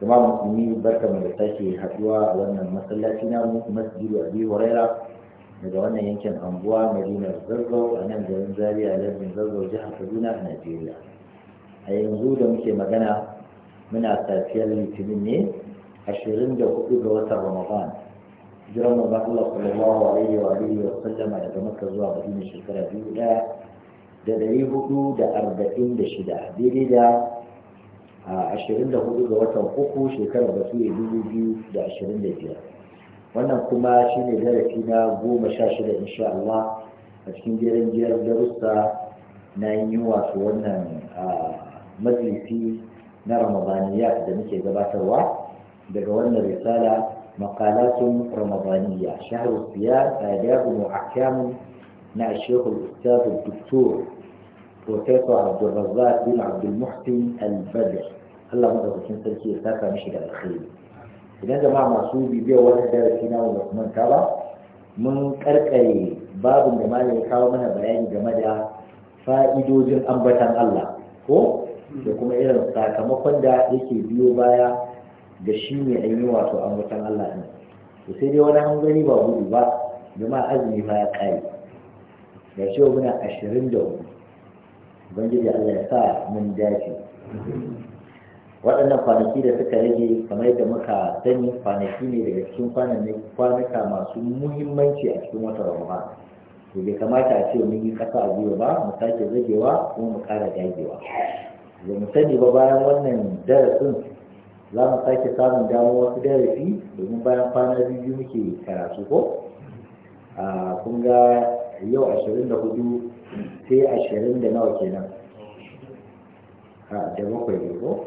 kuma musulmi barka mu da sake haduwa a wannan masallaci na mu masjidu abi huraira daga wannan yankin anguwa madinar zazzau a nan garin zaria lardin zazzau jihar kaduna a najeriya a yanzu da muke magana muna safiyar litinin ne ashirin da hudu ga watan ramadan jiran mu Allah sallallahu alaihi wa alihi wa sallama daga maka zuwa madina shekara biyu daya da dari hudu da arba'in da shida daidai da a 24 ga watan uku shekarar bature 2025 wannan kuma shine darasi na goma sha shida insha Allah a cikin jerin jiyar darussa na yi wasu wannan majalisi na ramadaniya da muke gabatarwa daga wannan risala maqalatun ramadaniya shahru siyar adabu wa ahkamu na shekul ustaz doktor professor abdulrazzaq bin abdulmuhsin al-badr Allah madaukakin sarki ya saka mishi da alkhairi idan jama'a masu bibiyar wata darasi na wanda kuma ta ba mun karkare babin da malam ya kawo mana bayani game da fa'idodin ambatan Allah ko da kuma irin sakamakon da yake biyo baya da shi ne an wato ambatan Allah ɗin sai dai wani hangari ba gudu ba jama'a azumi ba ya kare da cewa muna ashirin da hudu ubangiji Allah ya sa mun dace waɗannan kwanaki da suka rage kamar yadda muka sani kwanaki ne daga cikin kwanuka masu muhimmanci a cikin wata ramadan to bai kamata a ce mun yi ƙasa a biyu ba mu sake zagewa kuma mu ƙara dagewa Ba mu sani ba bayan wannan darasin za mu sake samun damar wasu darasi domin bayan kwana biyu muke karatu ko ah, kun ga yau ashirin da hudu sai ashirin da nawa kenan a da bakwai ne ko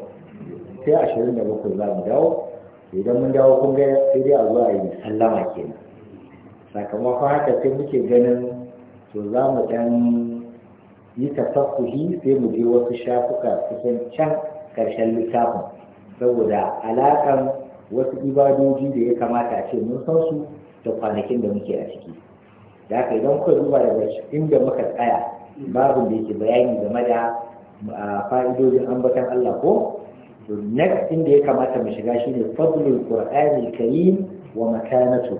sai ashirin da bakwai za mu dawo idan mun dawo kun ga sai dai a zuwa yi sallama kenan sakamakon haka sai muke ganin to za mu dan yi tasaffuhi sai mu je wasu shafuka cikin can karshen littafin saboda alaƙan wasu ibadoji da ya kamata a ce mun san su da kwanakin da muke a ciki da haka idan kuka duba daga inda muka tsaya babu da yake bayani game da fa'idodin ambatan Allah ko to next inda ya kamata mu shiga shine fadlul qur'ani karim wa makanatu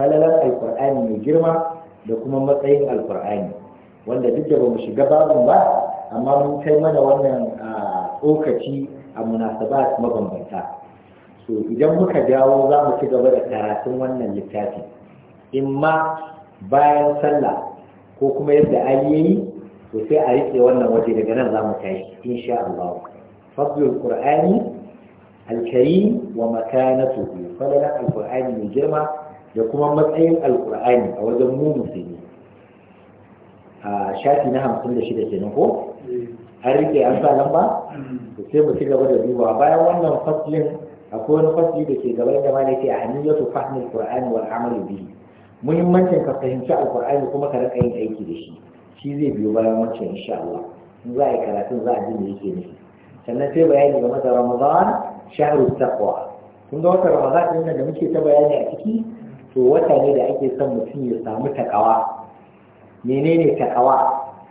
falalan alqur'ani mai girma da kuma matsayin alqur'ani wanda duk da bamu shiga babun ba amma mun kai mana wannan tsokaci a munasabat mabambanta so idan muka dawo za mu ci gaba da karatun wannan littafi imma bayan sallah ko kuma yadda ya yi to sai a rike wannan waje daga nan za mu tashi insha Allah fadlul qur'ani alkarim wa makanatuhu fadlan alqur'ani mai girma da kuma matsayin alqur'ani a wajen mu musulmi a shafi na hamsin da shida kenan ko an rike an sa lamba to sai mu ci gaba da dubawa bayan wannan faslin akwai wani fasli da ke gaba da ma ne ke a haniyatu fahmi alqur'ani wal amalu bihi muhimmancin ka fahimci alkur'ani kuma ka rika yin aiki da shi shi zai biyo bayan wancan insha Allah in za a yi karatun za a ji me yake nufi sannan sai bayani game da Ramadan shahru taqwa kun ga wata Ramadan din nan da muke ta bayani a ciki to wata ne da ake son mutum ya samu takawa menene takawa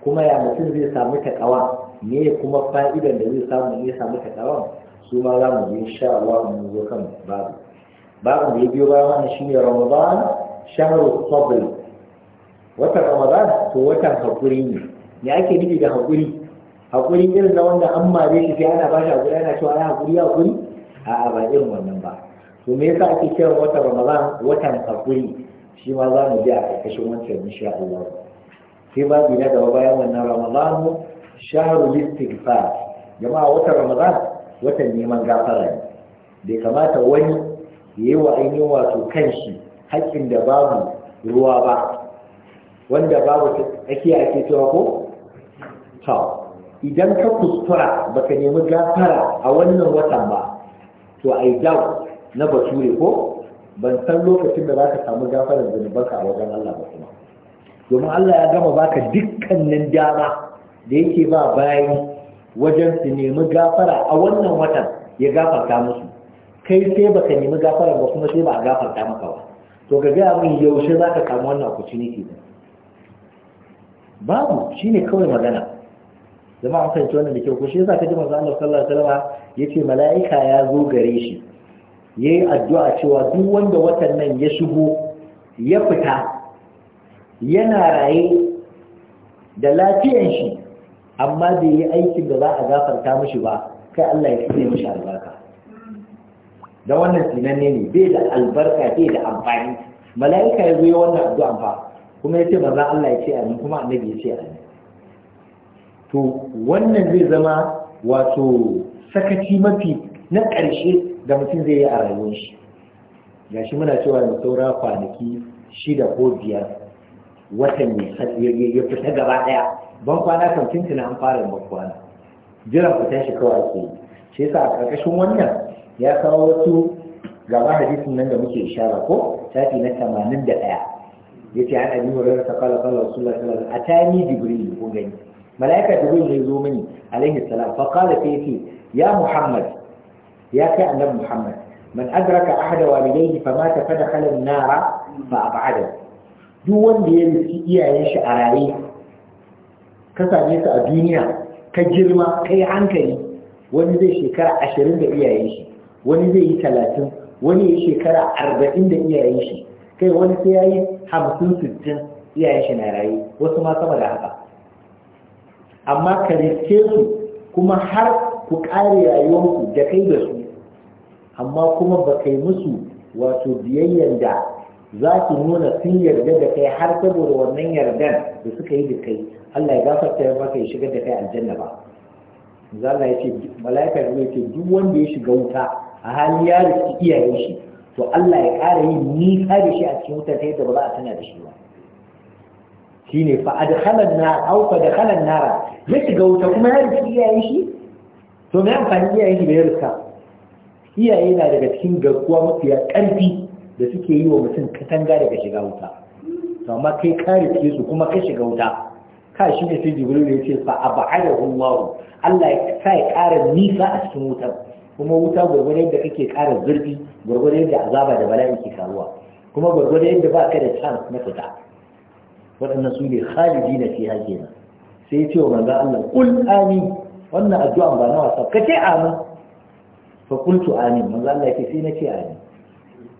kuma ya mutum zai samu takawa me kuma fa'idan da zai samu ya samu takawa su ma za mu ji insha Allah mu zo kan babu babu da ya biyo bayan wannan shine Ramadan shahru sabr watan ramadan to watan hakuri ne me ake nufi da hakuri hakuri irin na wanda an mare shi sai ana bashi hakuri ana cewa ai hakuri hakuri a'a ba irin wannan ba to me yasa ake kiran watan ramadan watan hakuri shi ma za mu je a ƙarƙashin wancan insha Allah sai babu na gaba bayan wannan ramadan shahrul istighfar jama'a watan ramadan watan neman gafara ne bai kamata wani ya yi wa ainihin wato kan shi. haƙƙin da babu ruwa ba wanda babu ake ake cewa ko to idan ka kuskura baka nemi gafara a wannan watan ba to ai da na bature ko ban san lokacin da za ka samu gafarar zunubanka a wajen Allah ba kuma domin Allah ya gama baka dukkanin dama da yake ba bayan wajen su nemi gafara a wannan watan ya gafarta musu kai sai baka nemi gafara ba kuma sai ba a gafarta maka ba to ga gaya min yaushe za ka samu wannan opportunity ba? babu shi ne kawai magana zama an fahimci wannan da kyau ko shi yasa ka ji manzo Allah sallallahu alaihi wasallam ce mala'ika ya zo gare shi yayi addu'a cewa duk wanda watan nan ya shigo ya fita yana raye da lafiyan shi amma bai yi aikin da za a gafarta mishi ba kai Allah ya kire mishi albarka da wannan sinanne ne bai da albarka bai da amfani mala'ika ya zo wannan addu'a fa kuma ya ce maza Allah ya ce a mun kuma annabi ya ce a amin to wannan zai zama wato sakaci mafi na ƙarshe da mutum zai yi a rayuwar shi ga muna cewa da saura kwanaki shida ko biyar watan ya fita gaba ɗaya ban kwana kan tuntuna an fara ban kwana jiran fitan shi kawai ke shi yasa a ƙarƙashin wannan ya kawo wasu gaba hadisin nan da muke ishara ko shafi na Ya ce an abi hurairah ta kala kala rasulullahi A ta wasallam atani jibril ko gani malaika jibril ne zo mini alaihi salam fa qala fi ya muhammad ya kai annabi muhammad man adraka ahada walidayhi fa mata fa dakhala an-nara fa ab'ada duk wanda ya riski iyayen shi a raye ka same su a duniya ka girma kai hankali wani zai shekara ashirin da iyayen shi wani zai yi talatin wani ya shekara arba'in da iyayen shi kai wani sai ya yi hamsin sittin iyayen shi na rayu wasu ma sama da haka amma ka riske su kuma har ku ƙare rayuwarku da kai da su amma kuma ba kai musu wato biyayyar da za su nuna sun yarda da kai har saboda wannan yardan da suka yi da kai Allah ya gafarta maka ya shigar da kai aljanna ba zalla ya ce mala'ikar ya ce duk wanda ya shiga wuta a hali ya riski iyaye shi to Allah ya ƙara yin nisa da shi a cikin wutar ta yadda ba za a tana da shi ba shine fa adkhalan nar aw da dakhalan nara. ya shiga wuta kuma ya riski iyaye shi to me amfani iyaye shi bai riska iyaye na daga cikin garkuwa mafiya ƙarfi da suke yi wa mutum katanga daga shiga wuta to amma kai ka riske su kuma ka shiga wuta ka shi ne sai jibril ya ce fa abadahu Allah Allah ya sa ya ƙara nisa a cikin wutar kuma wuta gwargwado yadda kake ƙara zurfi gwargwado yadda azaba da bala'i ke karuwa kuma gwargwado yadda ba ka da chance na fita waɗannan su ne khalidi na hake na. sai ya ce wa manzo Allah qul amin wannan addu'a ba na wasa ka ce amin fa qultu amin manzo Allah yake sai na ce amin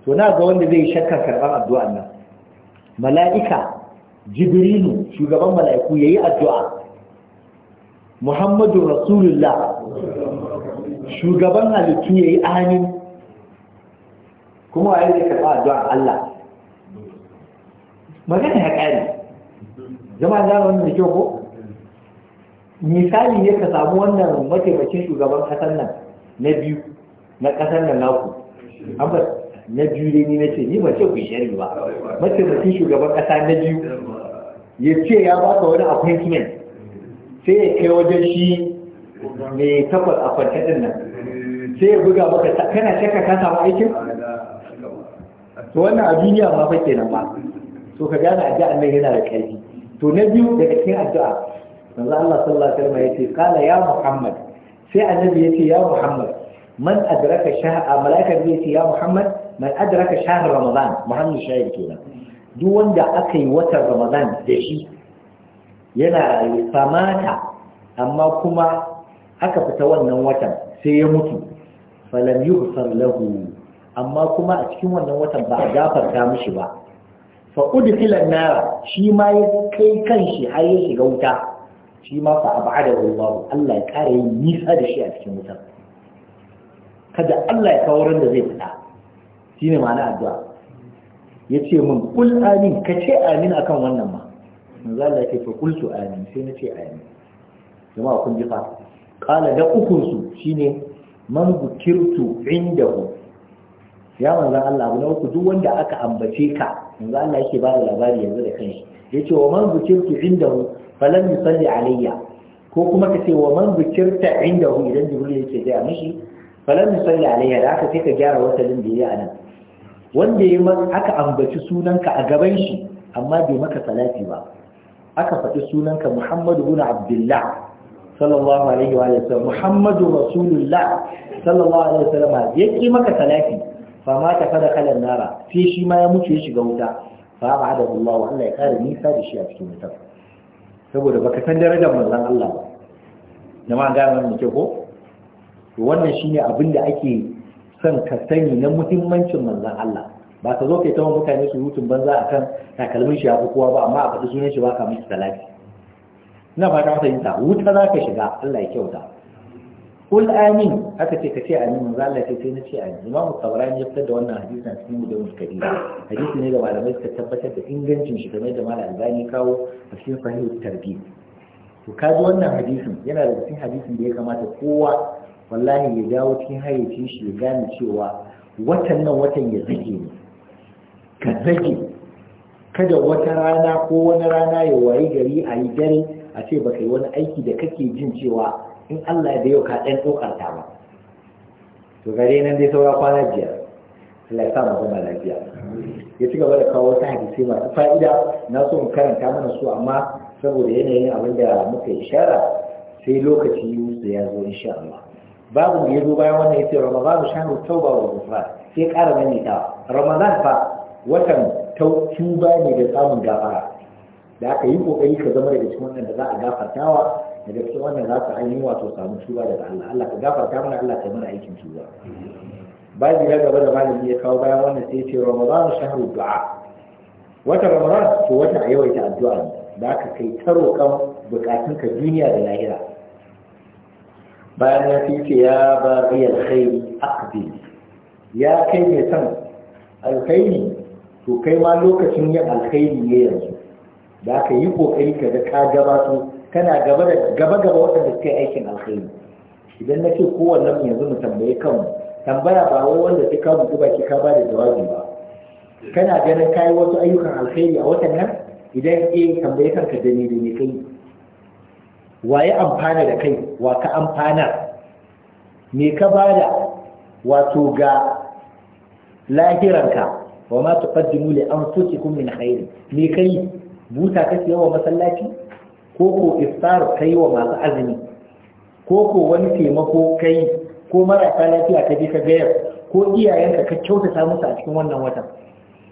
to na ga wanda zai shakka karɓar addu'an nan mala'ika jibrilu shugaban mala'iku yayi addu'a muhammadu rasulullah shugaban halittu ya yi amin kuma waye zai karɓa addu'ar Allah magana ya ƙari zama da wani da kyau ko misali ne ka samu wannan mataimakin shugaban ƙasar nan na biyu na ƙasar nan naku an na biyu dai ni nace ni ba ce ku shari ba mataimakin shugaban ƙasa na biyu ya ce ya ba ka wani appointment sai ya kai wajen shi mai takwas a kwance din nan sai ya buga maka kana shakka ka samu aikin to wannan a duniya ma fa kenan ba to ka gane addu'a nan yana da kai to na biyu daga cikin addu'a manzo Allah sallallahu alaihi wasallam yace qala ya muhammad sai annabi yace ya muhammad man adraka shahr malaika yace ya muhammad man adraka shahr ramadan muhammad shahid kenan duk wanda aka yi watan ramadan da shi yana samata amma kuma aka fita wannan watan sai ya mutu falam yughfar lahu amma kuma a cikin wannan watan ba a gafarta mishi ba fa udkhila nara shi ma ya kai kanshi har ya shiga wuta shi ma fa abada wallahu Allah ya kare yin nisa da shi a cikin wutar kada Allah ya kawo ran da zai fita shine ma'ana addu'a yace min kul amin kace amin akan wannan ma manzo Allah ya ce fa qultu amin sai na ce amin jama'a kun ji fa ƙala da ukunsu shine man bukirtu indahu ya manzan Allah abu na uku duk wanda aka ambace ka yanzu Allah yake ba da labari yanzu da kanshi yace wa man bukirtu indahu falam yusalli alayya ko kuma kace wa man bukirta indahu idan jibril yake gaya mishi falam yusalli alayya da aka sai ka gyara wasalin da yayi anan wanda ya aka ambaci sunanka a gaban shi amma bai maka salati ba aka faɗi sunanka Muhammadu ibn Abdullah sallallahu alaihi wa sallam muhammadu rasulullah sallallahu alaihi wa sallam ya ki maka salati fa ma ta fada kalan nara sai shi ma ya mutu ya shiga wuta fa ba'ada Allah Allah ya kare nisa da shi a cikin wuta saboda baka san darajar manzon Allah ba jama'a ga wannan ke ko wannan shine abin da ake son ka sani na muhimmancin manzon Allah ba ka zo kai ta mutane su hutun banza akan takalmin shi ya fi kowa ba amma a faɗi sunan shi ba ka mishi salati na ba ta fahimta wuta za ka shiga Allah ya kyauta kul amin aka ce ka ce amin manzo Allah sai na ce amin imamu tabarani ya fitar da wannan hadisi a cikin mudawul kadir hadisi ne da malamai suka tabbatar da ingancin shi kamar da malam albani kawo a cikin fahimtar tarbi to kaji wannan hadisin yana da cikin hadisin da ya kamata kowa wallahi ya dawo cikin hayyacin shi ya gane cewa watan nan watan ya zage ne ka zage kada wata rana ko wani rana ya wayi gari a yi dare a ce ba kai wani aiki da kake jin cewa in Allah ya da yau ka ɗan ɗaukarta ba to gare nan dai saura kwana biyar Allah ya sa mu zama lafiya ya ci gaba da kawo wasu hadisi masu fa'ida na so in karanta mana su amma saboda yanayin abin da muka yi shara, sai lokaci da ya zo insha Allah babu da ya zo bayan wannan yace Ramadan shanu tauba wa ghufran sai ƙara ta Ramadan fa watan tauba ne da samun gafara da aka yi kokari ka zama daga cikin wannan da za a gafartawa daga cikin wannan za su ainihin wato samu tuba daga Allah Allah ka gafarta mana Allah ka mana aikin tuba baji ya gaba da malami ya kawo bayan wannan sai ce ramadan shahru du'a wata ramadan to wata a yawaita addu'a ne da aka kai ta roƙon bukatunka duniya da lahira bayan ya ce ya ba riyal khairi aqbil ya kai mai san alkhairi to kai ma lokacin yin alkhairi ne yanzu da yi kokari ka ga ka gabato kana gaba da gaba gaba waɗanda suke aikin alkhairi idan na ce mu yanzu mu tambaye kanmu tambaya ba wai wanda sai ka buɗe baki ka ba da jawabi ba kana ganin kayi wasu ayyukan alkhairi a watan nan idan eh tambaye kanka da ni da ne kai Waye amfana da kai wa ka amfana me ka bada wato ga lahiranka wa ma tuqaddimu li anfusikum min khairin me kai buta kake yawa masallaci ko ko iftar kai wa masu azumi ko ko wani taimako kai ko marasa lafiya ka je ka gayar ko iyayenka ka kyauta kyautata musu a cikin wannan watan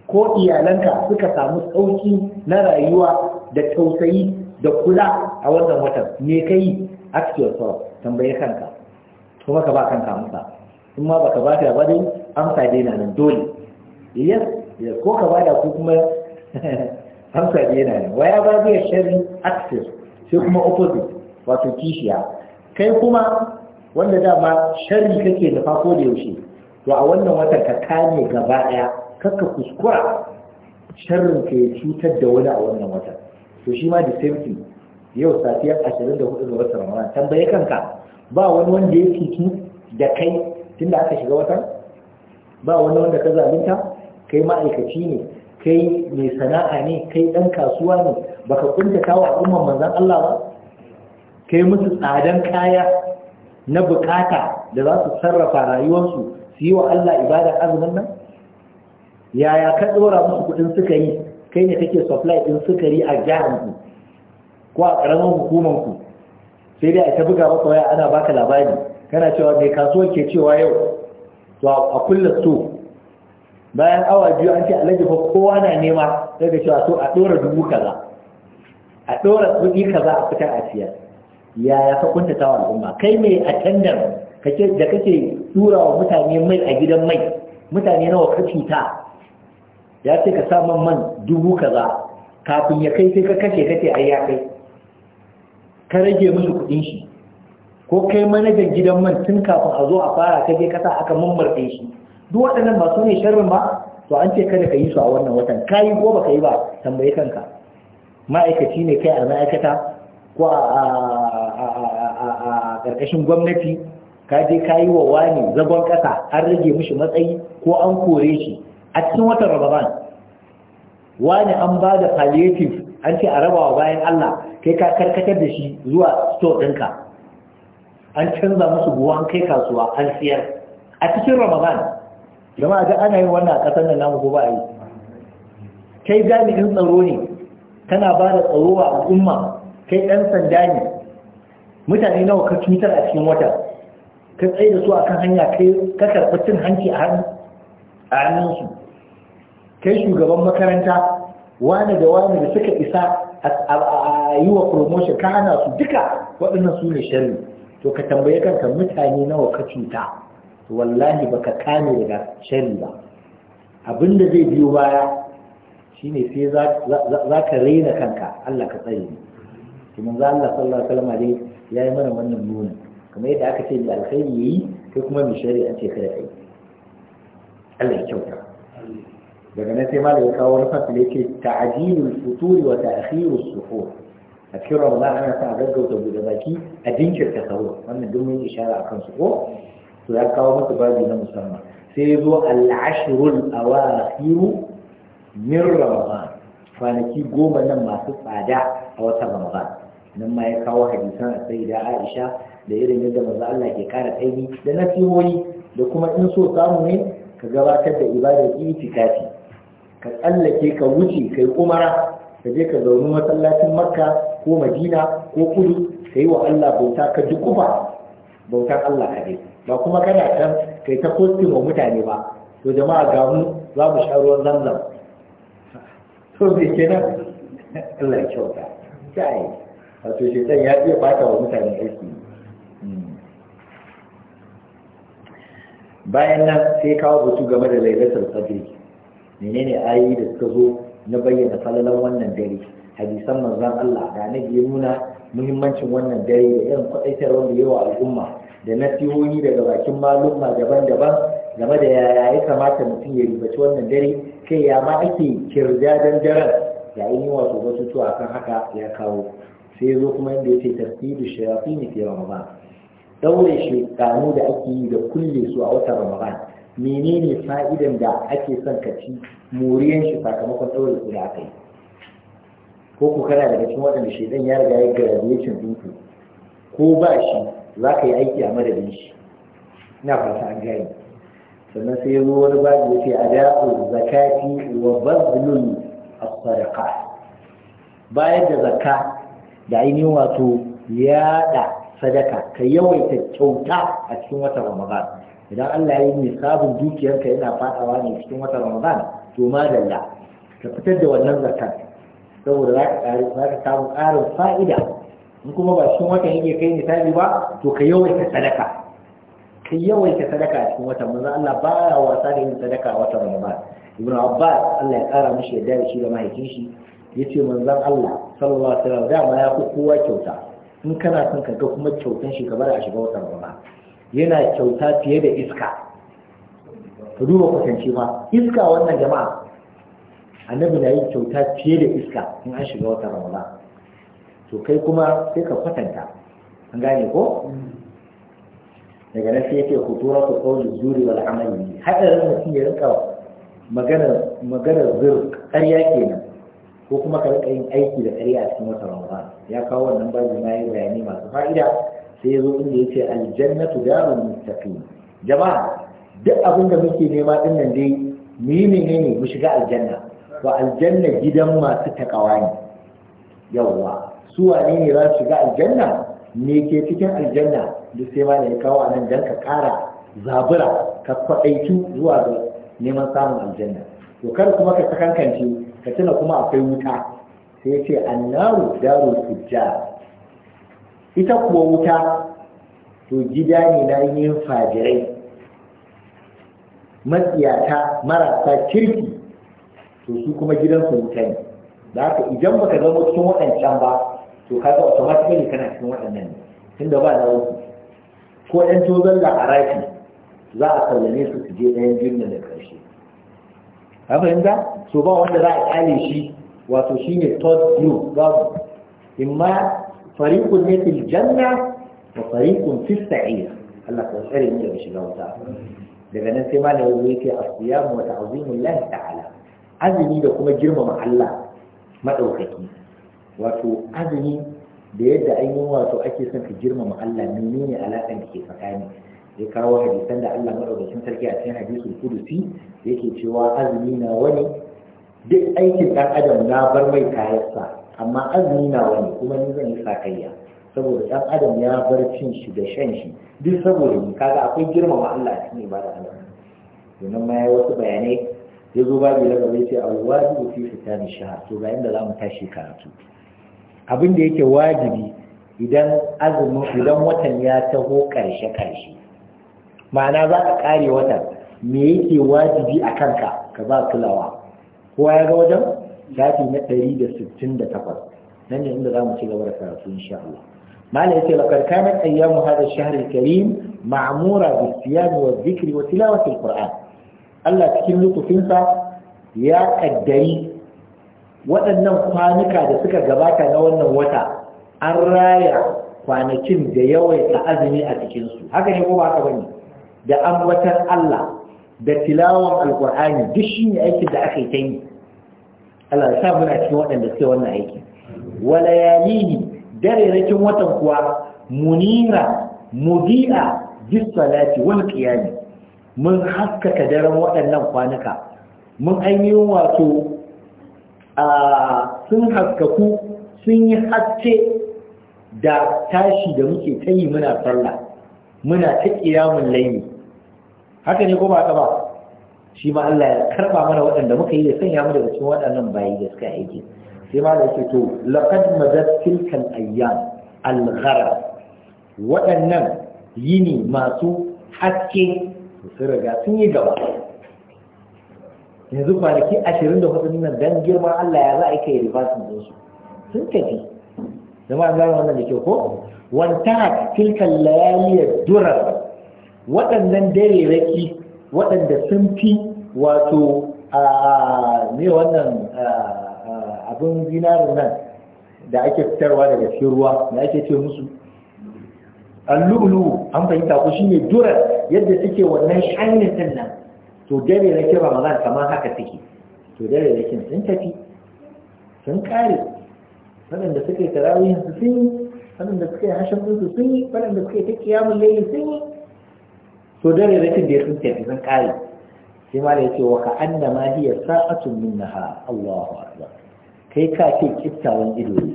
ko iyalanka suka samu sauki na rayuwa da tausayi da kula a wannan watan me kai ask yourself tambaye kanka kuma ka ba kanka amsa in ma baka ba ta ba dai amsa dai na nan dole yes ko ka bada ko kuma amsa yana ne waya ba zai sharri access sai kuma opposite wato kishiya kai kuma wanda dama sharri kake da ko da yaushe to a wannan watan ka kame gaba daya kakka kuskura sharrin ka ya cutar da wani a wannan watan to shi ma da safety yau safiyar 24 ga watan ramadan tambaye kanka ba wani wanda ya cutu da kai tunda aka shiga watan ba wani wanda ka zalunta kai ma'aikaci ne kai mai sana'a ne kai ɗan kasuwa ne baka kunta kawo al'umman manzan Allah ba kai musu tsadan kaya na bukata da za su sarrafa rayuwarsu su yi wa Allah ibada azumin nan yaya ka dora musu kuɗin sukari kai ne kake supply ɗin sukari a jihar ko a karamar hukumar ku sai dai a ta buga maka waya ana baka labari kana cewa mai kasuwar ke cewa yau to a kulla bayan awa biyu an ce alhaji fa kowa na nema sai da cewa to a dora dubu kaza a dora kuɗi kaza a fitar a ya yaya ka kunta wa al'umma kai mai attendant kake da kake tura wa mutane mai a gidan mai mutane nawa ka cuta ya ce ka samun man dubu kaza kafin ya kai sai ka kashe kace ai ya kai ka rage musu kuɗin shi ko kai manajan gidan man tun kafin a zo a fara ka kasa aka mummurɗe shi duk waɗannan ba su ne sharrin ba to an ce kada ka yi su a wannan watan ka yi ko baka yi ba tambayi kanka ma'aikaci ne kai a ma'aikata ko a ƙarƙashin gwamnati ka je ka yi wa wani zagon ƙasa an rage mishi matsayi ko an kore shi a cikin watan ramadan wani an ba da palliative an ce a rabawa bayan allah kai ka karkatar da shi zuwa store ɗinka an canza musu buwan kai kasuwa an siyar a cikin ramadan gama da ana yin wannan a ƙasar nan namu ko ba a yi kai jami'in tsaro ne Tana ba da tsaro a al'umma kai ɗan sanda ne mutane nawa ka cutar a cikin wata ka tsaye da su a kan hanya kai ka karɓi cin hanci a hannunsu kai shugaban makaranta wani da wani da suka isa a yi wa promotion ka hana su duka waɗannan su ne shari'a to ka tambaye kanka mutane nawa ka cuta to wallahi baka kame daga shari ba abinda zai biyo baya shine sai za ka raina kanka Allah ka tsare ni za Allah sallallahu alaihi wasallam Ya yi mana wannan nuna kamar yadda aka ce da alkhairi yayi kai kuma mai shari ce kada kai Allah ya kyauta daga nan sai ma ya kawo wani fasili yake ta'jilul futuri wa ta'khirus suhur a cikin ramadan ana sa gaggauta buɗe baki a dinkirta sahur wannan duk mun ishara akan su ko to ya kawo masa babi na musamman sai ya zo al'ashirul awakhiru min ramadan kwanaki goma nan masu tsada a watan ramadan nan ma ya kawo hadisan a sai da aisha da irin yadda manzo Allah ke kara kaimi da nasihohi da kuma in so samu ne ka gabatar da ibadar itikafi ka tsallake ka wuce kai umara ka je ka zauni masallacin makka ko madina ko kudu ka yi wa Allah bauta ka dukufa bautar Allah kaɗai ba kuma kana can kai ta kosti wa mutane ba to jama'a ga mu za mu sha ruwan zamzam to me nan Allah ya kyauta kai wato shetan ya iya bata wa mutane aiki hmm. bayan nan sai kawo batu game da lailatul qadr menene ayi da suka zo na bayyana falalan wannan dare hadisan manzon Allah da na ya nuna muhimmancin wannan dare da irin kwaɗaitar wanda yawa al'umma da nasihohi daga bakin malumma daban-daban game da yaya ya kamata mutum ya ribaci wannan dare kai ya ma ake kirja dan daren da yi wasu batutuwa akan haka ya kawo sai ya zo kuma inda ya ce tafsiru shirafi ne fi ramadan Ɗaure shekaru da ake yi da kulle su a wata ramadan menene fa'idan da ake son ka ci moriyan shi sakamakon ɗaure su da aka ko ku kana daga cikin waɗanda shaidan ya riga ya graduation ɗinku ko ba shi za ka yi aiki a madadin shi ina fata an gani sannan sai yazo wani babu a dau zakati wa bazlul as-sadaqa da zakka da ainihin wato yada sadaka ka yawaita kyauta a cikin watan ramadan idan Allah ya yi nisabin dukiyarka yana fadawa ne cikin watan ramadan to madalla ka fitar da wannan zakka saboda za ka samu ƙarin fa'ida in kuma ba cikin watan yake kai tabi ba to ka yawaita sadaka ka yawaita sadaka a cikin watan manzo Allah baya wasa da yin sadaka a watan Ramadan Ibn Abbas Allah ya kara mishi yadda da shi da mahaifin shi yace manzo Allah sallallahu alaihi wasallam da ma ya fi kowa kyauta in kana son ka ga kuma kyautan shi ka bar a shiga watan Ramadan yana kyauta fiye da iska ka duba kwatance ma iska wannan jama'a annabi na yin kyauta fiye da iska in an shiga watan Ramadan to kai kuma sai ka kwatanta an gane ko daga nan sai yake kutura ku kauli zuri wal amali hadarin mutum ya rinka magana magana zur ƙarya kenan ko kuma ka rinka yin aiki da ƙarya a cikin wata rawa ya kawo wannan bayani na yi bayani masu fa'ida sai ya zo inda ya ce aljannatu darul mustaqim jama'a duk abin da muke nema din nan dai mu yi menene mu shiga aljanna to aljanna gidan masu takawa ne yawwa su wane ne za su shiga aljanna Ne ke cikin aljanna duk sai ma ya kawo anan dan ka kara zabura ka kwadaitu zuwa ga neman samun aljanna to kar kuma ka kankance, ka tuna kuma akwai wuta sai ce annaru daru sujja ita kuwa wuta to gida ne na yin fajirai matsiyata marasa kirki to su kuma gidansu wuta ne da haka idan baka zama cikin waɗancan ba to kaga automatically kana cikin waɗannan ne tunda ba na wasu ko ɗan tozon da rafi za a sallame su su je ɗayan biyun da ƙarshe ka fahimta so ba wanda za a kare shi wato shine third view babu imma fariqun ne fil janna wa fariqun fis sa'ir Allah ka tsare mu daga shiga wuta daga nan sai malamin zai ce asiyam wa ta'zimu Allah ta'ala azumi da kuma girmama Allah madaukaki wato azumi da yadda an yi wato ake son ka girmama Allah menene alaƙan da ke tsakani ya kawo hadisan da Allah madaukakin sarki a cikin hadisi kudusi yake cewa azumi na wani duk aikin ɗan adam na bar mai kayansa amma azumi na wani kuma ni zan yi sakayya saboda ɗan adam ya bar cin shi da shan shi duk saboda ni kaga akwai girmama Allah a cikin ibada Allah ma ya wasu bayanai ya zo babu na gaba ya ce alwajibu fi fitani shahar to ga inda za mu tashi karatu abin da yake wajibi idan azumin idan watan ya taho karshe karshe ma'ana za ka kare watan me yake wajibi a kanka ka ba kulawa kowa ya ga wajen shafi na 168 nan ne inda za mu ci gaba da karatu insha Allah malam yace laqad kanat ayyamu hadha ash-shahr karim ma'mura bis zikiri wa dhikri wa tilawati al-Qur'an Allah cikin lutufinsa ya kaddari waɗannan kwanuka da suka gabata na wannan wata an raya kwanakin da yawaita azumi a cikinsu haka ne ko ba haka bane da ambatar Allah da tilawan alkur'ani duk shi ne aikin da aka yi ta yi Allah ya sa muna cikin waɗanda suke wannan aiki walayalini darerakin watan kuwa munira mudi'a bis salati wal qiyam mun haskaka daren waɗannan kwanuka mun ainihin wato sun haskaku sun yi haske da tashi da muke ta yi muna sallah muna ta kiyamun laimi. haka ne ko ba ka ba shi ma Allah ya karba mana waɗanda muka yi da sanya mu daga cikin waɗannan bayi da suka aiki sai ma da yake to laqad madat tilkan ayyam al waɗannan yini masu haske su riga sun yi gaba yanzu kwanaki ashirin da hudu nan dan girma Allah ya za a kai ribasin din su sun tafi zama an gano wannan da ke ko wanta tilkan layaliyar durar waɗannan dare raki waɗanda sun fi wato a ne wannan abin zinarin nan da ake fitarwa daga cikin ruwa da ake ce musu allulu an fahimta ko shine durar yadda suke wannan shanin nan to dare na kira ramadan kamar haka suke to dare da kin sun tafi sun kare waɗanda suka yi tarawihin su sun yi waɗanda suka yi hashin su sun yi waɗanda suka yi ta kiyamun layi sun yi to dare da kin da sun tafi sun kare sai ma da yake wa ka anna ma hiya sa'atun min naha Allahu akbar kai ka ce kiftawan ido ne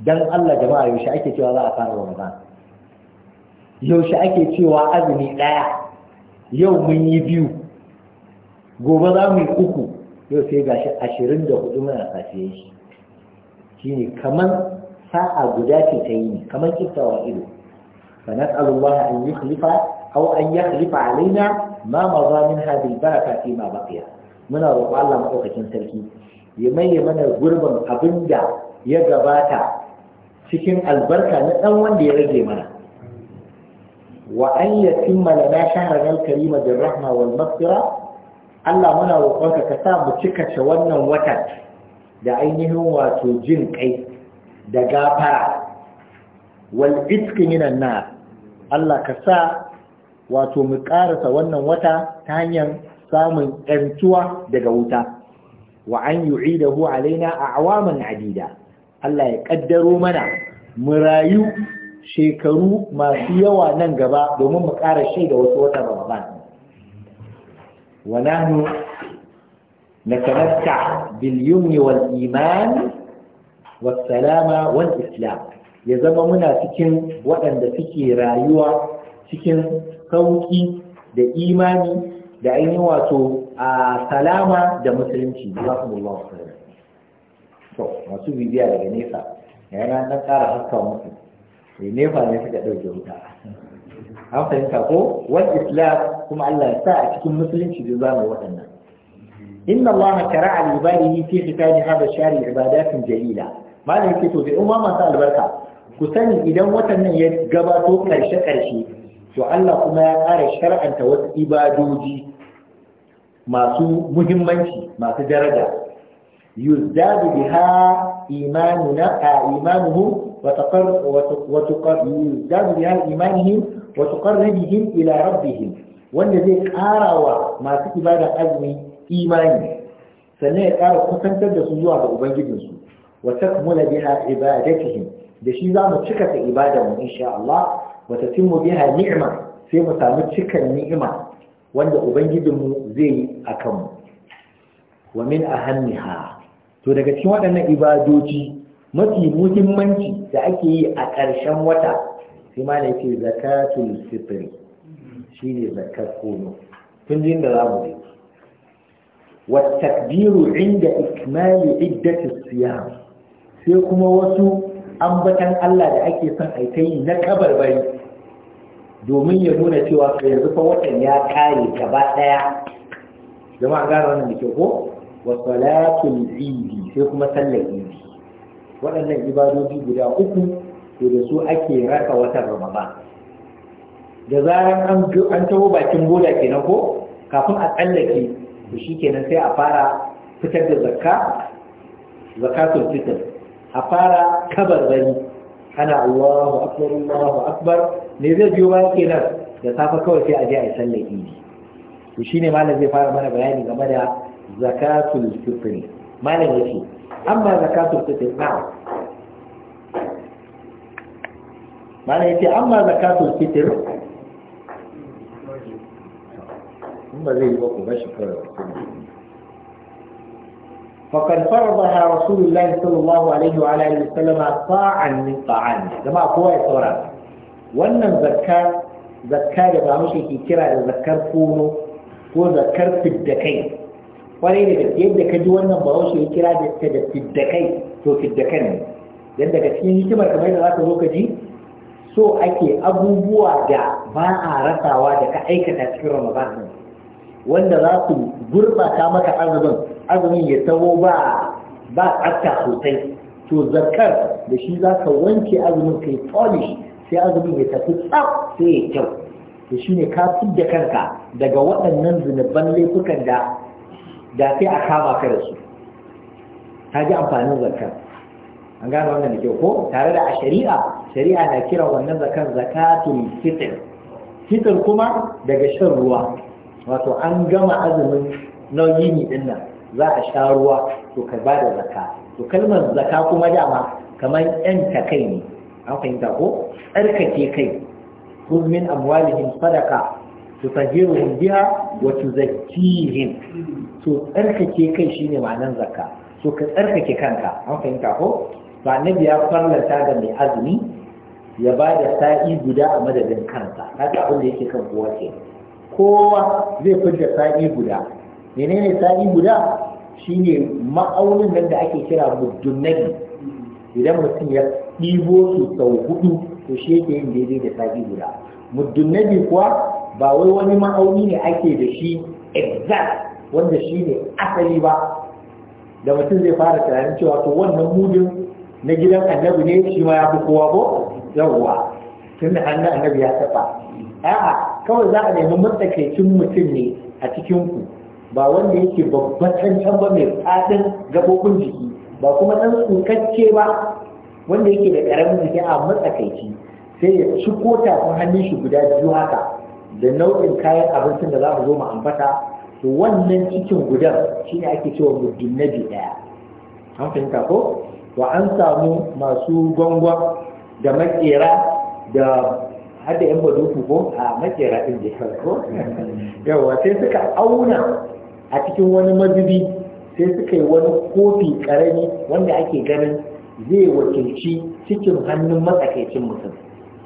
dan Allah jama'a yaushe ake cewa za a fara Ramadan yaushe ake cewa azumi daya yau mun yi biyu gobe za mu yi uku yau sai gashi ashirin da hudu muna safiye shi ne kamar sa'a guda ce ta yi kamar kiftawa ido fa nas'alullaha an yukhlifa hau an yakhlifa alaina ma za min hadhihi baraka fi ma baqiya muna roƙo Allah madaukakin sarki ya maye mana gurbin abin da ya gabata cikin albarka na ɗan wanda ya rage mana wa an yatimma lana shahrana al-karima bir rahma wal maghfira Allah muna roƙonka ka sa mu cikace wannan watan da ainihin wato jin kai da gafara wal itqi minan nar Allah ka sa wato mu karasa wannan wata ta hanyar samun ƴantuwa daga wuta wa an yu'idahu alaina a'waman adida Allah ya kaddaro mana mu rayu shekaru masu yawa nan gaba domin mu ƙara da wasu watan Ramadan ونحن نتمتع باليمن والإيمان والسلامة والإسلام ya zama muna cikin waɗanda suke rayuwa cikin sauƙi da imani da ainihin wato a salama da musulunci da Allah to masu bibiya daga nesa yana ɗan ƙara haska musu da nefa ne suka ɗauke wuta an fahimta ko wal islam kuma Allah ya sa a cikin musulunci da zamu waɗannan inna Allah kara'a li ibadihi fi kitabi hadha shari ibadatin jalila malam yake to in ma masu albarka ku sani idan watan nan ya gabato karshe karshe to Allah kuma ya ƙara shar'anta wasu ibadoji masu muhimmanci masu daraja yuzdadu biha imanuna a imanuhum وتقر وتقر يزداد بها إيمانهم وتقربهم إلى ربهم والذي قاروا ما في عبادة أزمي إيماني sannan ya ƙara kusantar da su zuwa ga Ubangijinsu wa takmula biha ibadatihim da shi za mu cika ta ibada mu insha Allah wa tatimmu biha ni'ma sai mu sami cikan ni'ima wanda mu zai yi a kanmu wa min ahammiha to daga cikin waɗannan ibadoji mafi muhimmanci da ake yi a ƙarshen wata shi ma da yake zakatul fitri shi ne zakar kono tun jin da za mu je والتكبير عند إكمال عدة الصيام sai kuma wasu ambatan Allah da ake son a yi na bari, domin ya nuna cewa yanzu fa watan ya kare gaba daya jama'a gane wannan da ke ko wa salatul idi sai kuma sallar idi waɗannan ibadoji guda uku to da su ake raka watan ramadan da zaran an taho bakin boda kenan ko kafin a tsallake to shikenan sai a fara fitar da zakka zakatul fitr a fara kabarbari ana Allahu akbar Allahu akbar ne zai biyo ba kenan da safa kawai sai a je a yi sallar ne. to shine malam zai fara mana bayani game da zakatul fitr malam yake أما زكاة الفطر نعم معنى يتي إيه؟ أما زكاة الفطر ثم زي بقوا باشي فقد فرضها رسول الله صلى الله عليه وعلى اله وسلم صاعا من طعام جماعه قوه ya وان wannan zakka zakka da ba mushi ke kira da zakkar kuno ko zakkar fidda kai kwarai da gaske yadda ka ji wannan bahaushe ya kira da ta da fiddakai to fiddakan ne dan daga cikin hikimar kamar da za ka zo ka ji so ake abubuwa da ba a rasawa da ka aikata cikin ramadan wanda za su gurɓata maka azumin azumin ya taho ba ba tsafta sosai to zakar da shi za ka wanke azumin kai polish sai azumin ya tafi tsaf sai ya kyau to ne ka fidda kanka daga waɗannan zunuban laifukan da da sai a kama ka da su ta ji amfanin zakar an gano wannan da ko tare da a shari'a shari'a na kiran wannan zakar zakatul fitr fitr kuma daga shan ruwa wato an gama azumin nauyi din nan za a sha ruwa to ka ba da zaka to kalmar zaka kuma dama kamar ta kai ne an fahimta ko tsarkake kai kuzmin amwalihim sadaka tutahhiruhum biha wa tuzakkihim to tsarkake kai shine ma'anar zakka to ka tsarkake kanka an fahimta ko to annabi ya farlanta ga mai azumi ya ba da sa'i guda a madadin kansa haka abin da yake kan kowa ke kowa zai fidda sa'i guda menene sa'i guda shine ma'aunin nan da ake kira muddunabi idan mutum ya ɗibo su sau hudu to shi yake yin daidai da sa'i guda Muddunnabi kuwa ba wai wani ma'auni ne ake da shi exact wanda shi ne asali ba da mutum zai fara tunanin cewa to wannan mudin na gidan annabi ne shi ma ya fi kowa ko yawwa tun da hannun annabi ya taɓa a'a kawai za a nemi matsakaicin mutum ne a cikin ku ba wanda yake babban cancan ba mai fadin gabobin jiki ba kuma ɗan tsukacce ba wanda yake da ƙaramin jiki a matsakaici sai ya ci ko tafin hannun shi guda biyu haka da nau'in kayan abincin da za mu zo mu ambata to wannan cikin gudan shine ake cewa muddin nabi daya an fahimta ko wa an samu masu gwangwa da makera da har da yan badutu ko a makera din da ko yawa sai suka auna a cikin wani mazubi sai suka yi wani kofi karami wanda ake ganin zai wakilci cikin hannun matsakaicin mutum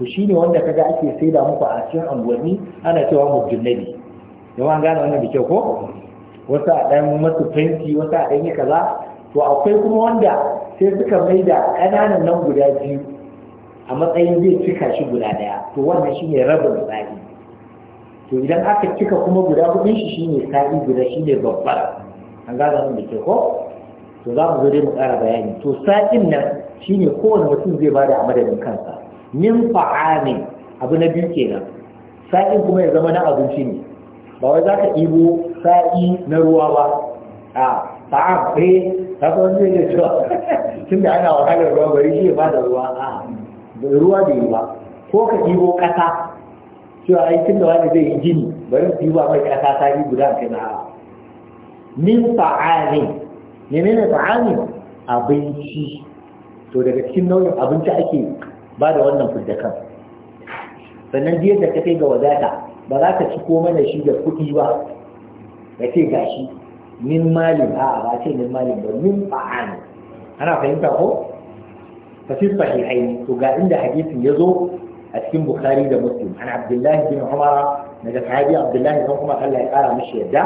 to ne wanda kaga ake saida muku a cikin unguwanni ana cewa mujunnabi yawan gane wannan da kyau ko wasu a ɗan masu fenti wasu a ɗan yi kaza to akwai kuma wanda sai suka mai da ƙananan nan guda biyu a matsayin zai cika shi guda ɗaya to wannan shi ne rabin tsari to idan aka cika kuma guda kuɗin shi shi ne sa'i guda shi ne babbar an gane wannan da kyau ko to za mu zo dai mu ƙara bayani to sa'in nan shi ne kowane mutum zai bada a madadin kansa min fa'amin abu na biyu kenan sa'in kuma ya zama na abinci ne ba wai za ka ibo sa'i na ruwa ba a ta'am eh ta san zai da cewa tun da ana wahalar ruwa bari shi ba da ruwa a ruwa da yi ba ko ka ibo ƙasa cewa ai tun da wani zai yi gini bari su yi ba mai ƙasa ta yi guda kai na min ne ne fa'amin abinci to daga cikin nau'in abinci ake ba da wannan fiddakan sannan biyar da ka kai ga wadata ba za ka ciko mana shi da kuɗi ba ya ce ga shi. min malin a ba ce min malin ba min fa'ani ana fahimta ko fasis sahihaini to ga inda hadisin ya zo a cikin bukhari da muslim an abdullahi bin umar daga sahabi abdullahi bin umar Allah ya kara mishi yadda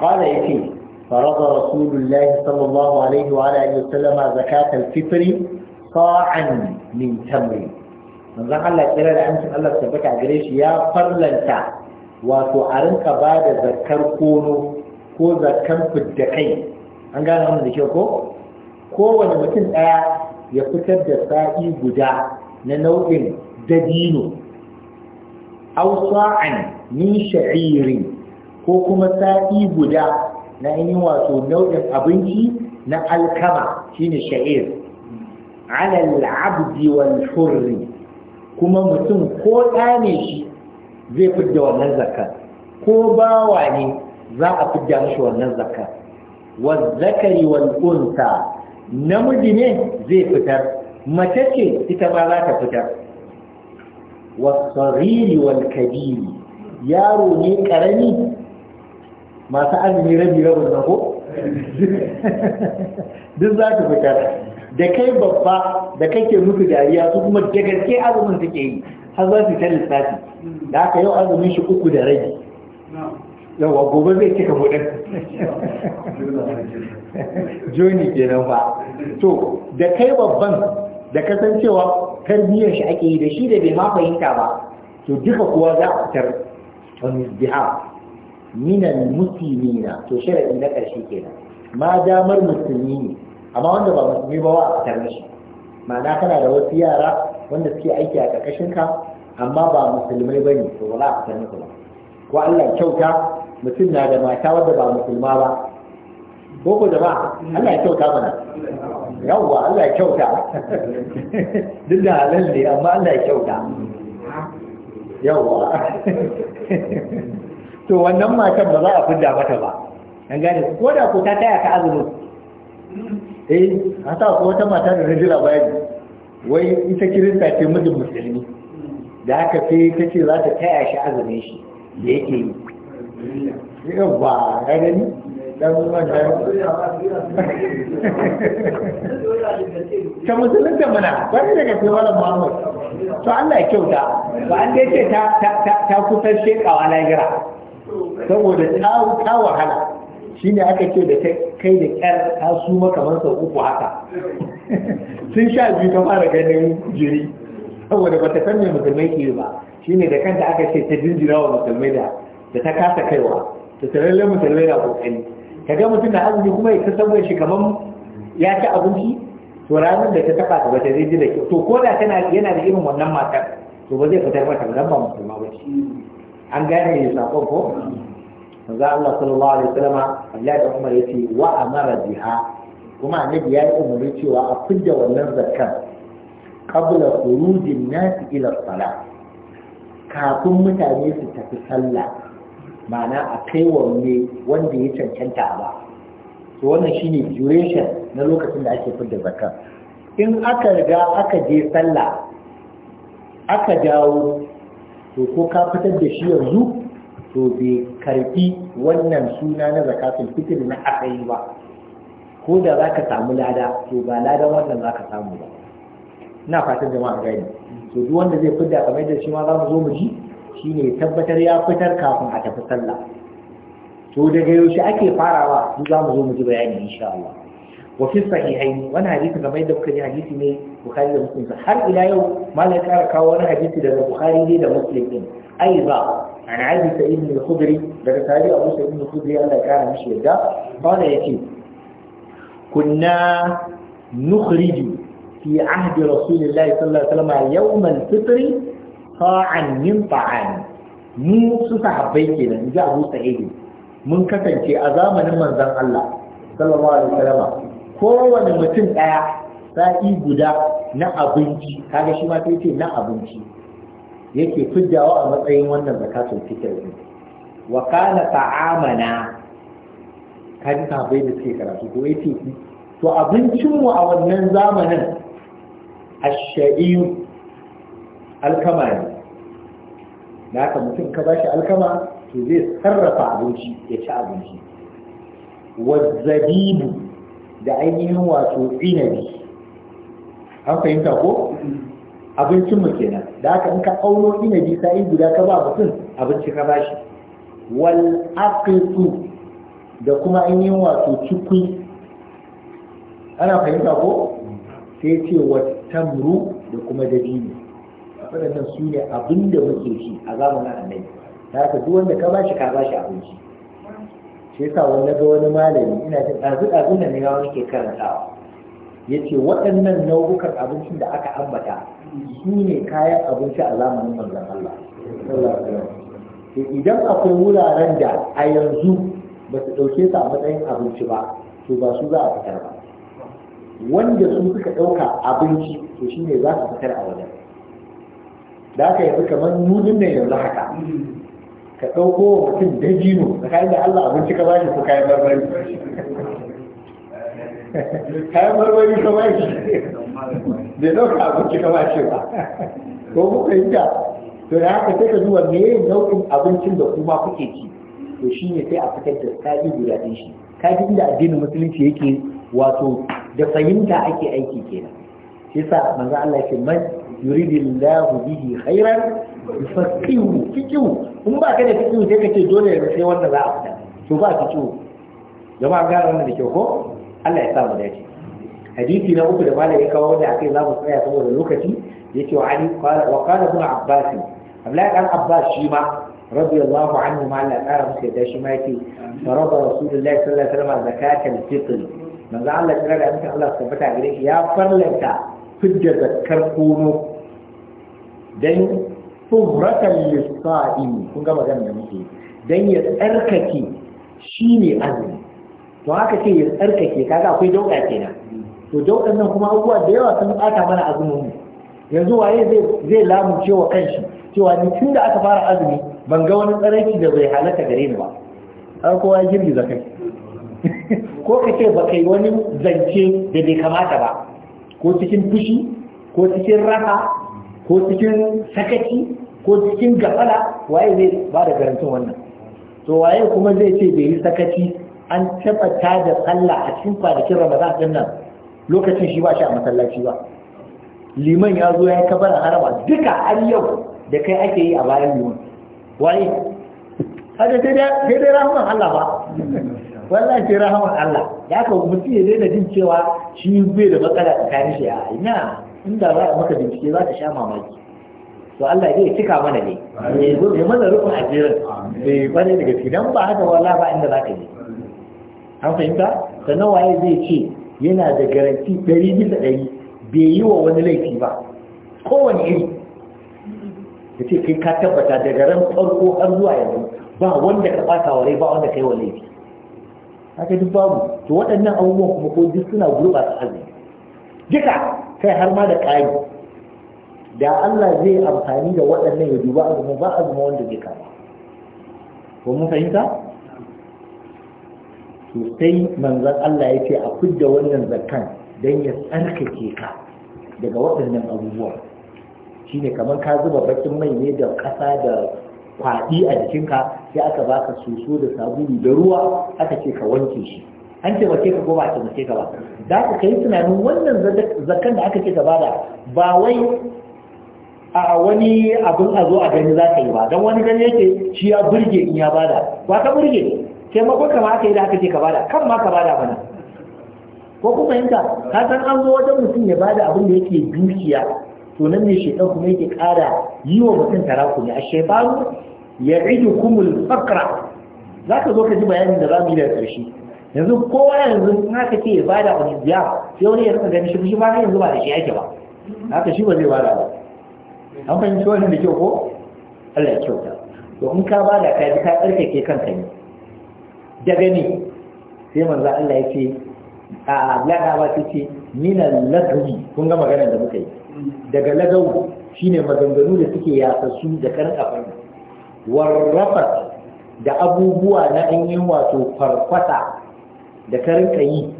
qala yace فرض رسول الله صلى الله عليه وعلى آله وسلم زكاة الفطر صاعا من تمر من ذا الله كرا لأنتم الله سبك عجريش يا فرلنتا واتو أرنك بعد ذكر كونو كو ذكر فدقي أن قال هم ذكركو كو ونمتن آية يفتر دسائي بدا ننوء ددينو أو صاعا من شعير ko kuma sa'i guda na ainihin wato nau'in abinci na alkama shine sha'ir alal abdi wal hurri kuma mutum ko ɗa ne shi zai fidda wannan zakar ko bawa ne za a fidda mashi wannan zakar wa zakari wal unsa namiji ne zai fitar mace ce ita ma za ta fitar wa sariri wal kabiri yaro ne karami masu azumi rabi rabin ko? duk za ka fitar da kai babba da kake mutu dariya su kuma da gaske azumin suke yi har za su ta lissafi da aka yau azumin shi uku da rabi yawa gobe zai cika hudun joni kenan ba to da kai babban da kasancewa tarbiyyar shi ake yi da shi da bai ma fahimta ba to duka kuwa za a fitar on his behalf minal na, to sharadi na karshe kenan ma damar musulmi ne amma wanda ba musulmi ba wa a fitar shi. ma'ana kana da wasu yara wanda suke aiki a ƙarƙashin ka amma ba musulmai ba ne to ba za a fitar musu ba ko Allah kyauta mutum na da mata wadda ba musulma ba ko ko jama'a Allah kyauta mana yawwa Allah kyauta duk da halal ne amma Allah kyauta yawwa to wannan matan ba za a fidda mata ba an gane ko da ko ta taya ka azumin eh a sa ko wata mata da rajula bayani wai ita kirista ce mijin musulmi da aka fi ta ce za ta taya shi azumin shi da yake yi ba ya gani dan wannan ta musulun da mana wani daga fi wani muhammad to allah ya kyauta ba an dace ya ce ta kusan shekawa na gira. saboda ta wahala shi ne aka ce da kai da kyar ta su kamar sau uku haka sun sha biyu ta fara ganin jiri saboda ba ta san mai musulmai ke ba shi ne da kanta aka ce ta jinjira wa musulmai da da ta kasa kaiwa ta tsararren musulmai na kokari ka ga mutum da azumi kuma ya saboda shi kamar ya ci abinci to ranar da ta taba ta bata zai ji da kyau to ko da tana yana da irin wannan matar to ba zai fitar mata ba ba musulma ba ce an gane ne sakon ko manzo Allah sallallahu alaihi wasallam Allah da Umar yace wa amara biha kuma annabi ya yi umarni cewa a fidda wannan zakkan qabla khurujin nas ila salat kafin mutane su tafi sallah mana a kai wanne wanda ya cancanta ba to wannan shine duration na lokacin da ake fidda zakkan in aka riga aka je sallah aka dawo to ko ka fitar da shi yanzu to bai karfi wannan suna na zakatul fitr na asali ba ko da za ka samu lada to ba ladan wannan za ka samu ba ina fatan jama'a gani to duk wanda zai fi kamar da shi ma za mu zo mu ji shine tabbatar ya fitar kafin a tafi sallah to daga yaushe ake farawa duk za mu zo mu ji bayani insha Allah wa fi sahihaini wani hadisi kamar yadda kuka ji hadisi ne bukhari da muslim har ila yau malai kara kawo wani hadisi daga bukhari ne da muslim din ba, an abi sa'id bin khudri daga tare abu sa'id bin khudri Allah ya kara mishi yadda kana yake kunna nukhriju fi ahdi rasulillahi sallallahu alaihi wasallam yawmal fitri sa'an min ta'am mu su sahabbai kenan ji abu sa'id mun kasance a zamanin manzon Allah sallallahu alaihi wasallam kowane mutum ɗaya sa'i guda na abinci kaga shi ma sai ce na abinci yake fiddawa a matsayin wannan zakatul fitr ne wa kana ta'amana kaji bai da suke karatu ko yace to abincin mu a wannan zamanin ash-sha'iyu alkama ne da ka mutum ka bashi alkama to zai sarrafa abinci ya ci abinci wa zabibu da ainihin wato inabi an fahimta ko abincin mu kenan da haka in ka auno inabi sai guda ka ba mutum abinci ka ba shi wal aqtu da kuma ainihin wato cikui ana fahimta ko sai ce wa tamru da kuma dabini, waɗannan su ne abin da muke shi a zamanin annabi da haka duk wanda ka ba shi ka ba shi abinci shi yasa wani ga wani malami ina jin ɗazu na nan ne wani ke karantawa yace waɗannan nau'ukan abincin da aka ambata su ne kayan abinci a zamanin manzon Allah sallallahu alaihi idan akwai wuraren da a yanzu ba su ɗauke su a matsayin abinci ba to ba su za a fitar ba wanda su suka ɗauka abinci to shi ne za su fitar a wajen da aka yi kamar nunin ne yanzu haka ka ɗauko mutum da jino tsakanin da Allah abinci ka bashi ko kayan marmari kayan marmari ka bashi bai ɗauka abinci ka bashi ba ko kuka yi da to da haka sai ka zuwa me nau'in abincin da kuma kuke ci to shi ne sai a fitar da tsari guda ɗin shi ka ji inda addinin musulunci yake wato da fahimta ake aiki kenan shi yasa manzo Allah ya ce man yuridillahu bihi khairan faqihu fiqihu in ba ka da fikiu sai ka ce dole ne sai wanda za a fita to ba fiqihu jama'a ga wannan da kyau ko Allah ya sa mu dace hadisi na uku da malam ya kawo wanda akai za mu tsaya saboda lokaci yace wa ali wa qala ibn abbas abdullahi dan abbas shi ma radiyallahu anhu ma Allah ya kara musu da shi ma yake faraba rasulullahi sallallahu alaihi wasallam zakatul fitr manzo Allah kira da mutum Allah tabbata gare shi ya farlanta fidda zakkar kono dan tuhratan lis kun ga magana da muke dan ya tsarkake ne azumi to haka ce ya tsarkake kaga akwai dauka kenan to daukan nan kuma abubuwa da yawa sun bata mana azumin mu yanzu waye zai zai lamunce wa kanshi cewa ni tun da aka fara azumi ban ga wani tsaraki da bai halaka gare ni ba har kowa ya girgiza kai ko ka ce ba kai wani zance da bai kamata ba ko cikin fushi ko cikin raha ko cikin sakaci ko cikin gafala waye zai ba da garantin wannan to waye kuma zai ce bai yi sakaci an tabbata da sallah a cikin kwanakin ramadan din nan lokacin shi ba shi a masallaci ba liman ya zo ya yi kabar duka har yau da kai ake yi a bayan liman waye hada sai dai rahaman Allah ba wallahi sai rahaman Allah da ka mutum ya daina jin cewa shi bai da matsala tsakanin shi a ina inda za a maka bincike za ta sha mamaki to Allah zai cika mana ne ya zo ya mana rufin ajiyar bai eh, kware daga gaske ba haka wala ba inda za ka yi. an fahimta sannan waye zai ce yana da garanti ɗari bisa ɗari bai yi wa wani laifi ba kowane iri ya ce kai ka tabbata daga ran farko har zuwa yanzu ba wanda ka ɓata wa ba wanda ka yi wa laifi haka duk babu to waɗannan abubuwan kuma ko duk suna gurɓata arziki duka kai har ma da ƙari da Allah zai amfani da waɗannan ya duba azumi ba azumi wanda zai kama ko mun fahimta to sai manzon Allah ya ce a fidda wannan zakkan dan ya tsarkake ka daga waɗannan abubuwa shine kamar ka zuba bakin mai ne da ƙasa da kwaɗi a jikinka sai aka baka soso da sabulu da ruwa aka ce ka wanke shi an taimake ka ko ba a taimake ka ba da aka kai tunanin wannan zakan da aka ce gaba da ba wai a wani abin a zo a gani za ka yi ba don wani gani yake shi ya burge in ya bada ba ka burge taimako kama aka yi da aka ce ka bada kan ma ka bada mana ko kuma yanka ka san an zo wajen mutum ya bada abin da yake dukiya to nan ne shaitan kuma yake ƙara yi wa mutum tarakumi a shaifanu ya idu kumul fakra za ka zo ka ji bayanin da za mu yi da ƙarshe yanzu kowa yanzu na ka ce ba da wani biya sai wani yanzu gani shi shi na yanzu ba da shi yake ba haka shi ba zai ba da ba an fahimci wani da kyau ko Allah ya kyauta to in ka ba da ka ji ka tsarkake kanka ne daga ni sai manzo Allah ya ce a lada ba ba ce nina lagawi kun ga maganar da muka yi daga lagawu shine maganganu da suke yasassu da karkafai warrafa da abubuwa na ɗanyen wato farfasa da ka rinka yi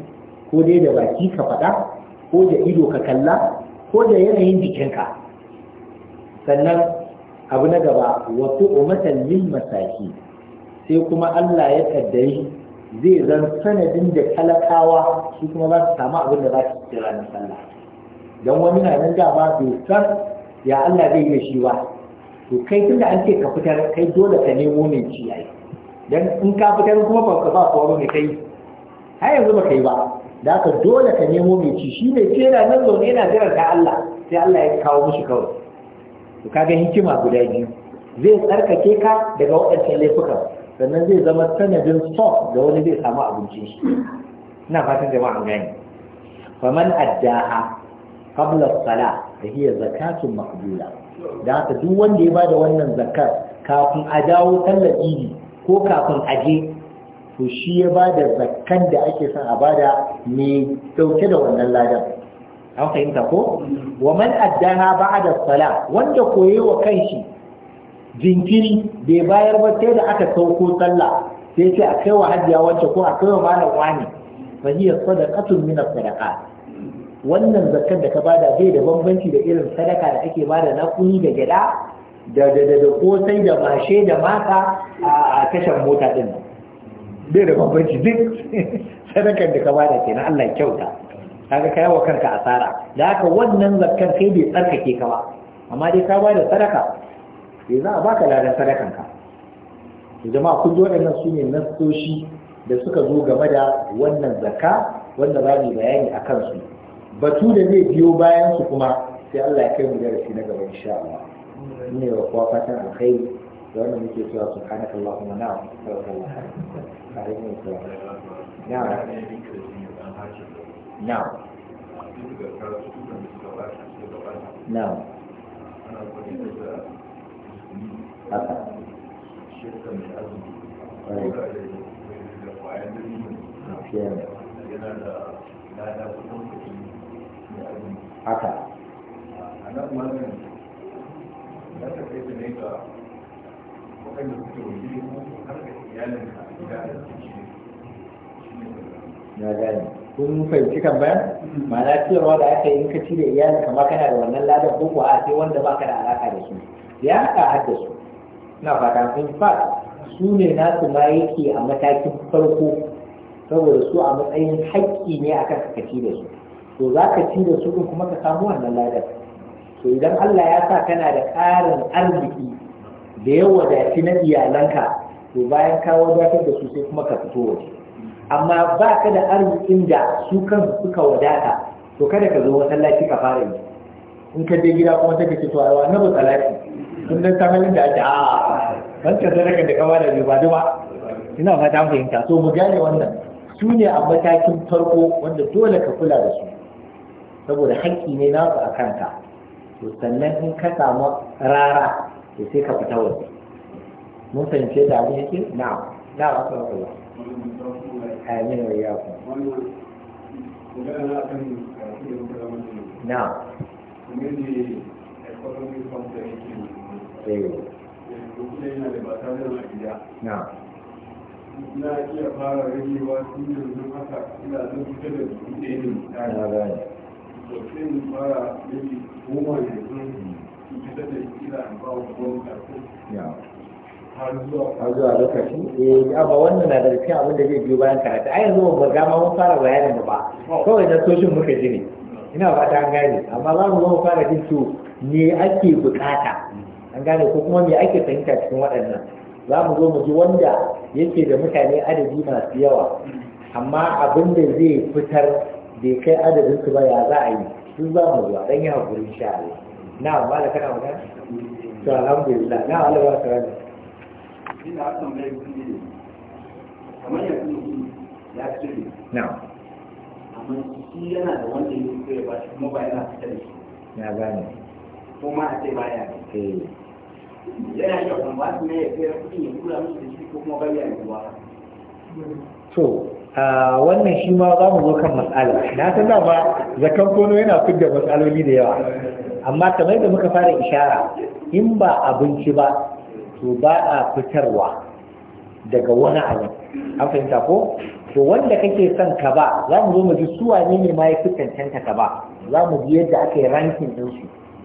ko dai da baki ka faɗa ko da ido ka kalla ko da yanayin jikinka sannan abu na gaba wasu umatan lil masaki sai kuma Allah ya kaddari zai zan sanadin da talakawa su kuma za su samu abin da za su ci ranar sallah don wani na nan ba bai san ya Allah zai yi shi ba to kai tun an ce ka fitar kai dole ka nemo mai ci yayi dan in ka fitar kuma ba ka ba kowa mai kai har yanzu ba ka yi ba da aka dole ka nemo mai ci shi mai yana nan zaune yana jiran ta Allah sai Allah ya kawo mushi kawai to ga hikima guda biyu zai tsarkake ka daga waɗancan laifukan sannan zai zama sanadin stock da wani zai samu abinci shi ina fatan jama'a gani faman addaha qabla salah da hiya zakatun maqbula da aka duk wanda ya bada wannan zakar kafin a dawo sallar idi ko kafin aje to shi ya ba da zakkan da ake son a bada ne dauke da wannan ladan an fahimta ko wa man addaha ba'da sala wanda koye wa kanshi jinkiri bai bayar ba sai da aka sauko sallah sai ce a kai wa hajjiya wacce ko a kai wa malam wani fa hiya sadaqatun min sadaka. wannan zakkan da ka bada bai da bambanci da irin sadaka da ake bada na kuni da gyada da da da kosai da mashe da mata a kashen mota din nan bai da bambanci duk sadakar da ka bada kenan Allah kyauta kaga kai wa kanka asara da haka wannan zakkar kai bai tsarkake ka ba amma dai ka bada sadaka sai eh, za a baka ladan sadakan ka jama'a kun ji waɗannan su ne nasoshi da suka zo game da wannan zakka wanda za mu bayani a kansu batu da zai biyo bayan su kuma sai Allah ya kai mu darasi na gaba insha Allah ne wa fatan alkhairi da wanda muke cewa su kana Allah kuma na na na na haka haka a nan wannan ya ta kai ne ga waɗanda suke waje har da iyalin ka gida da suke na gane kun fahimci kan bayan ma'ana cewa da aka yi in ka cire iyalin kama kana da wannan ladan ko kuwa sai wanda baka da alaka da su ya haɗa har da su ina fata in fact su ne nasu ma yake a matakin farko saboda su a matsayin haƙƙi ne akan ka kaci da su to za ka ci da su kuma ka samu wannan ladar to idan Allah ya sa kana da ƙarin arziki da ya wadaci na iyalanka to bayan ka wadatar da su sai kuma ka fito waje amma ba ka da arzikin da su kansu suka wadata to kada ka zo masallaci ka fara yi in ka je gida kuma sai ka ce to a na ba tun kun ta samalin da ake a ah, wancan sadaka da kama da ba duba ina fata fahimta so mu gane wannan su ne a matakin farko wanda dole ka kula da su saboda haƙƙi ne na nasu a kanka to sannan in ka samu rara to sai ka fita waje mun ce da abin yake na na wa kan kula amin wa ya ku na na na iya fara ragewa tun yanzu haka ina zan fita da su ɗaya ne Na gane. Wasu fara yake goma yanzu har zuwa lokaci eh amma wannan na da cikin abin da zai biyo bayan karatu ai yanzu ba ga ma mun fara bayanin da ba kawai na soshin muka ji ne ina fata ta gane amma za mu zo mu fara jin su me ake bukata an gane ko kuma me ake fahimta cikin waɗannan za mu zo mu ji wanda yake da mutane adadi masu yawa amma abin da zai fitar bai kai adadin su ba ya za a yi sun za mu zuwa dan yi hakuri insha Allah na wala kana magana to alhamdulillah na wala ba ka rana ina son mai kudi kamar yanzu ya tsiri na amma shi yana da wanda ya tsiri ba shi kuma ba yana fitar da shi na gane ma a ce baya eh yana yi wa ba su ne ya tsira kudin ya kula musu da shi ko kuma bayyana ruwa to wannan shi ma za mu zo kan matsala na san dama zakan kono yana fidda matsaloli da yawa amma kamar da muka fara ishara in ba abinci ba to ba a fitarwa daga wani abu an fahimta ko to wanda kake son ka ba za mu zo mu ji su wane ne ma ya fi cancanta ka ba za mu ji yadda aka yi rankin din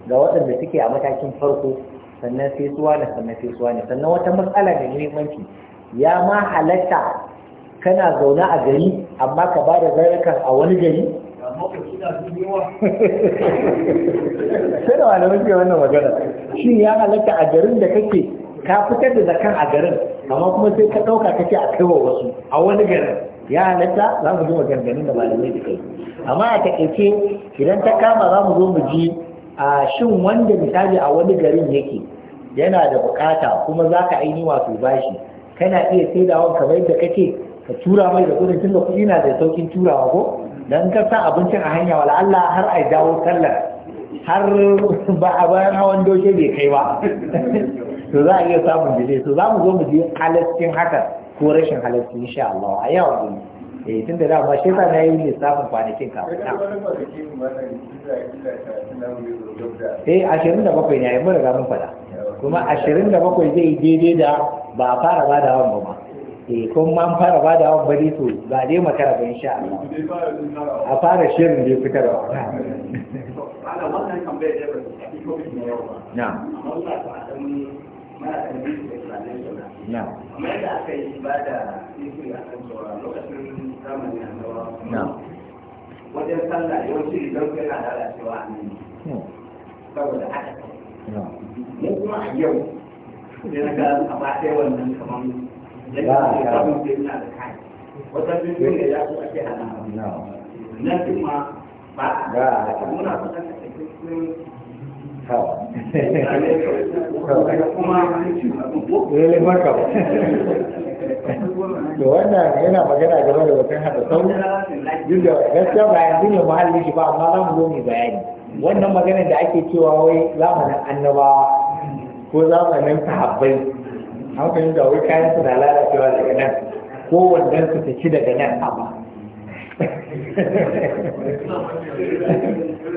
ga waɗanda suke a matakin farko sannan sai suwa ne sannan sai suwa ne sannan wata matsala da muhimmanci ya ma halatta kana zaune a gari amma ka ba da zarukan a wani gari sai da wani muke wannan magana shi ya halatta a garin da kake ka fitar da zakan a garin amma kuma sai ka ɗauka kake a kai wa wasu a wani garin ya halatta za mu ji maganganun da malamai da kai amma a taƙaice idan ta kama za mu zo mu ji a shin wanda misali a wani garin yake yana da bukata kuma za ka aini wato bashi kana iya sai da saidawa kamar yadda kake ka tura mai da kudin da kuɗi na da saukin turawa ko dan ka sa abincin a hanya wala Allah har ai dawo sallar har ba a bayan hawan doke bai kai ba to za a iya samun jide to za mu zo mu je halaskin haka ko rashin halasci insha Allah a yau din eh tun da ba shi na yi lissafin kwanakin ka eh 27 ne ai mun riga mun fada kuma 27 zai daidai da ba a fara badawan ba ma eh kun ma an fara bada wa bari to ba dai makara ba insha Allah a fara shirin da aka yi da a lokacin na kai na wata biyu ne ya so ake hana na kuma ba muna da cikin to wannan yana magana game da wajen sau gaskiya bayan yanzu ne muhalli shi ba amma za mu zo mu bayani wannan maganar da ake cewa wai zamanin annaba, ko zamanin sahabbai an da wai kayan su da lalacewa daga nan ko wannan su ta ci daga nan amma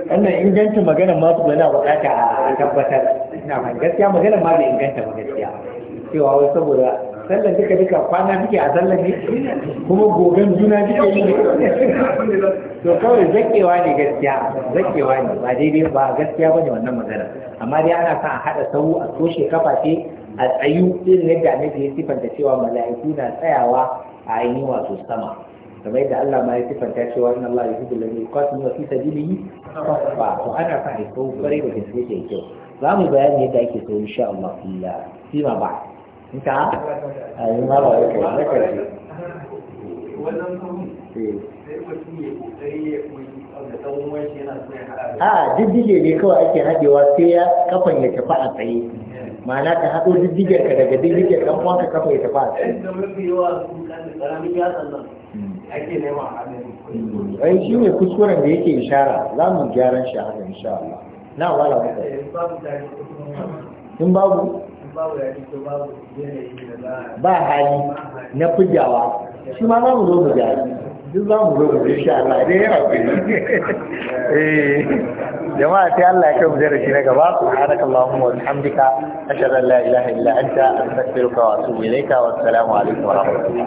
wannan inganta magana ma su na bukata a tabbatar na gaskiya magana ma da inganta ba gaskiya cewa wai saboda sallan duka duka kwana duke a sallan ne kuma goben juna duke yi ne to kawai zakewa ne gaskiya zakewa ne ba daidai ba gaskiya bane wannan magana amma dai ana sa a hada sau a toshe kafa ce a tsayu irin yadda annabi ya sifanta cewa mala'iku na tsayawa a ainihin wato sama kamar yadda Allah ma ya sifanta cewa inna Allah yuhibbul ladina yuqatiluna fi sabilihi safa to ana fa ai sau bare da gaske ke kyau za mu bayani yadda ake so insha Allah illa ma ba in ka a yi ma ba ya kai na karshe wannan kuma sai ne ko mutum ya so ya hada a diddige ne kawai ake hadewa sai ya kafan ya tafi a tsaye ma'ana ka haɗo diddigar ka daga diddigar ɗan uwan ka kafa ya tafa a cikin ai shi ne kuskuren da yake ishara za mu gyaran shi a insha Allah na wala wata eh, in babu ba hali na fujawa shi ma za mu zo mu gyara duk za mu zo mu Allah dai yana eh jama'a sai Allah ya kai mu na gaba subhanakallahumma wa bihamdika ashhadu an la ilaha illa anta astaghfiruka wa atubu ilayka wa assalamu alaikum wa rahmatullahi